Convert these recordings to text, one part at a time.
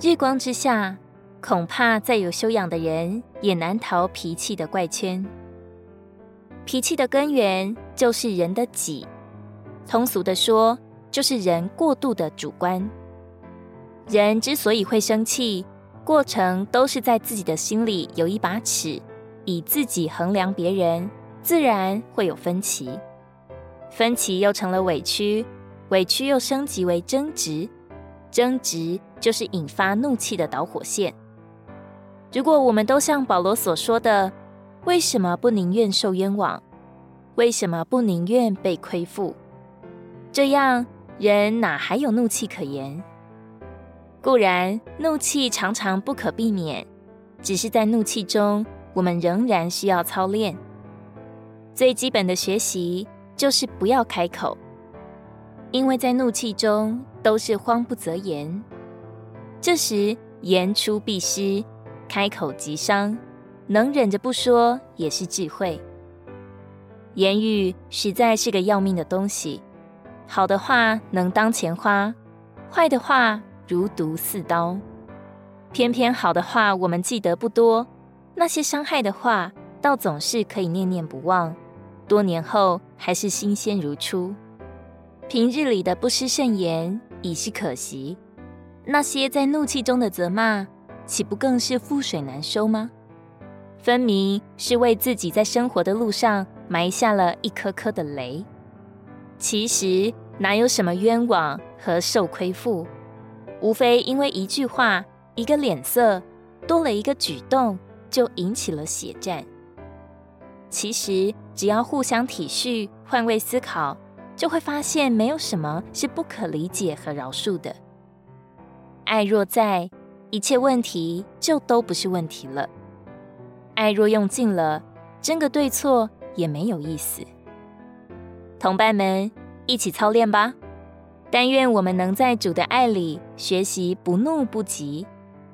日光之下，恐怕再有修養的人也難逃脾氣的怪圈。脾氣的根源就是人的己，通俗的說，就是人過度的主觀。人之所以會生氣，過程都是在自己的心裡有一把尺，以自己衡量別人，自然會有分歧。分歧又成了委屈，委屈又升級為爭執。爭執就是引發怒氣的導火線。如果我們都像保羅所說的，為什麼不寧願受冤枉？為什麼不寧願被虧負？這樣人哪還有怒氣可言？固然怒氣常常不可避免，只是在怒氣中，我們仍然需要操練。最基本的學習就是不要開口。因為在怒氣中都是慌不擇言，這時言出必失，開口即傷，能忍着不說也是智慧。言語實在是個要命的東西，好的話能當錢花，壞的話如毒似刀。偏偏好的話我們記得不多，那些傷害的話倒總是可以念念不忘，多年後還是新鮮如初。平日裡的不失慎言已是可惜，那些在怒氣中的責罵，豈不更是覆水難收嗎？分明是為自己在生活的路上埋下了一顆顆的雷。其實哪有什麼冤枉和受虧負，無非因為一句話、一個臉色、多了一個舉動，就引起了血戰。其實只要互相體恤、換位思考。就會發現沒有什麼是不可理解和饒恕的。愛若在，一切問題就都不是問題了。愛若用盡了，爭個對錯也沒有意思。同伴們，一起操練吧。但願我們能在主的愛裡學習不怒不急，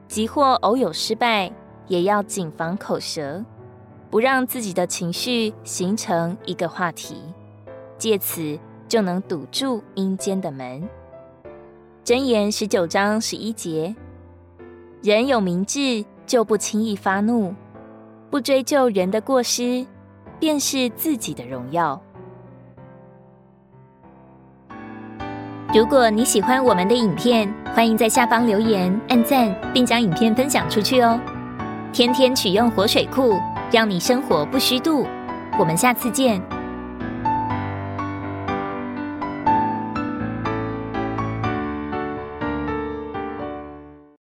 即或偶有失敗，也要謹防口舌，不讓自己的情緒形成一個話題，借此。就能堵住陰間的門。箴言十九章十一節：人有明智，就不輕易發怒，不追究人的過失，便是自己的榮耀。如果你喜歡我們的影片，歡迎在下方留言、按讚，並將影片分享出去哦。天天取用活水庫，讓你生活不虛度。我們下次見。